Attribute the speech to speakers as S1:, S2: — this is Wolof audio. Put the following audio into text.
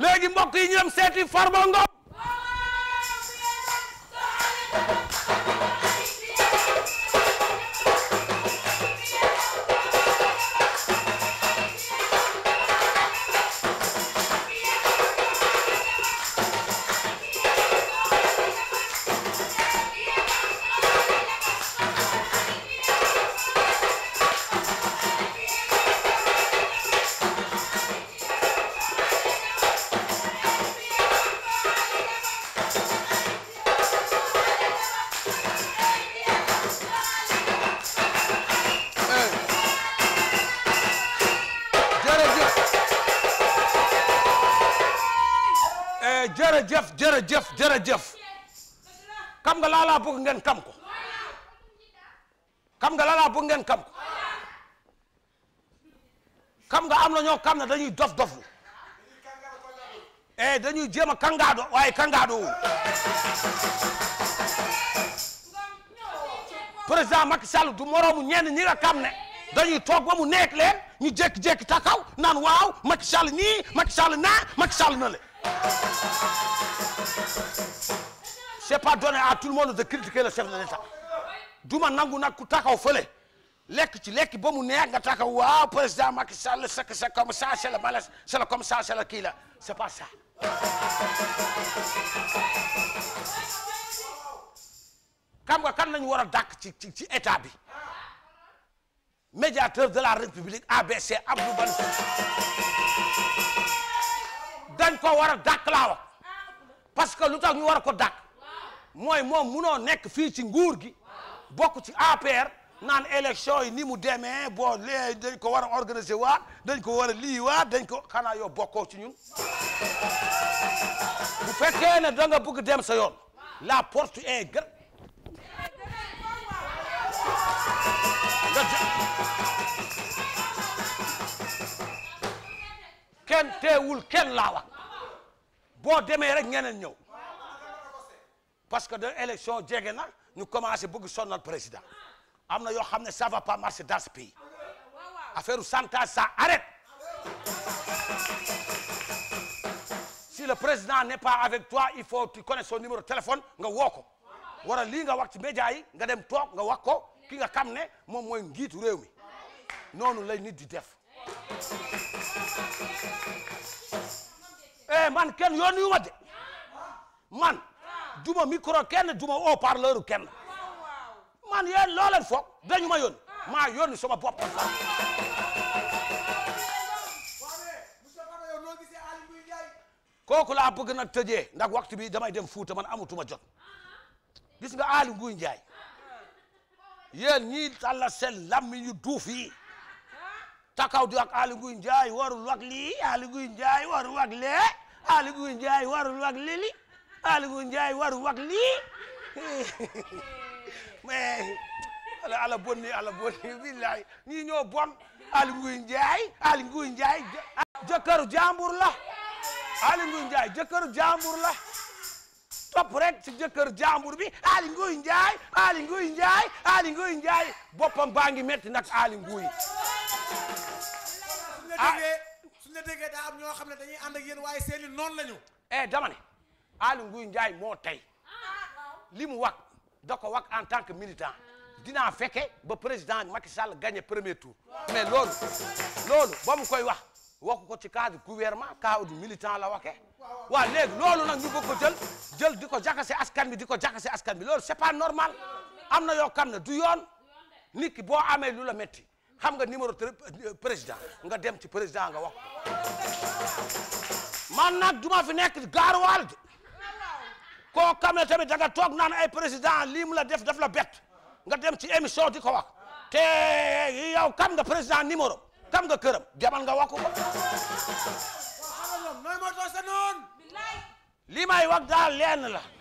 S1: léegi mbokk yi ñu seeti Farba Ngom waaye jërëjëf jërëjëf jërëjëf xam nga laa laa ngeen xam xam nga laa laa bëgg ngeen xam ko xam nga am na ñoo xam ne dañuy dof dof eh dañuy jéem a kangaado waaye kangaado wul président Macky Sall du moroomu ñenn ñi nga xam ne dañuy toog ba mu nekk leen ñu jékki-jékki takaw naan waaw Macky Sall nii Macky Sall naa Macky Sall na le c'est pas donné à tout le monde de critiquer le chef de l'État duma nangu nag ku taxaw fële lekk ci lekk ba mu neex nga taxaw waaw président Macky Sall c'est que c'est comme ça c'est le malaise c'est le comme ça c'est le kii c'est pas ça xam nga kan lañu war a dàkk ci ci état bi médiateur de la république ABC Abdou Ban dañ ko war a dàq parce que lu tax ñu war ko dàq mooy moom munoo nekk fii ci nguur gi bokk ci APR naan élection yi ni mu demee boo lee dañ ko war a organiser waat dañ ko war a lii waa dañ ko xanaa yow bokkoo ci ñun bu fekkee ne da nga bëgg sa yoon la porte est kenn teewul kenn laa boo demee rek ñeneen ñëw parce que de élection jege na ñu commencé bëgg sonnal président am na yoo xam ne ça va pas marcher dans ce pays affaire chantage ça arrête si le président n'est pas avec toi il faut tu connais numéro téléphone nga woo ko wala lii nga wax ci média yi nga dem toog nga wax ko ki nga xam ne moom mooy njiitu réew mi noonu la nit di def eh man kenn yoon yu ma de man duma micro kenn duma haut parleur kenn man yéen loo leen foog dañu ma yónni maa yónni sama bopp. kooku laa bëgg nag tëjee ndax waxtu bi damay dem Fuuta man amatuma jot gis nga Aly Ngouille Ndiaye yéen ñii talla seen lammi ñu duuf yi takaw di wax Aly Ngouille Ndiaye warul wax lii Aly Ngouille Ndiaye warul wax lee Aly Ngouille Ndiaye warul wax lili Aly Ngouille Ndiaye warul wax lii mais ala ala ala bonni billahi ñii ñoo bon Aly Ngouille Ndiaye Aly jàmbur la Aly Ngouille Ndiaye jëkkëru jàmbur la topp rek ci bi Aly Ngouille Ndiaye Aly Ngouille Ndiaye boppam baa ngi metti nag Aly Ngouille la ah. déggee suñu la déggee ñoo xam ne dañuy ànd ak yéen seeni noonu la ñu. eh dama ne moo tey li mu wax da ko wax en tant que militant dinaa fekke ba président Macky Sall gagné premier tour. mais loolu loolu ba mu koy wax waxu ko ci cadre gouvernement cadre militant la waxee. waaw léegi loolu nag ñu ko jël jël di ko se askan bi di ko jaxase askan bi loolu c'est pas normal am na yoo xam ne du yoon nit ki boo amee lu la métti. xam nga numéro euh, président nga dem ci président nga wax man nag duma fi nekk gaaruwaal de koo xam ne tamit da toog naan ay président lii mu la def daf la bett nga dem ci émission di ko wax te yow kam nga président numéro kam nga këram demal nga wax ko lii may wax daal lenn la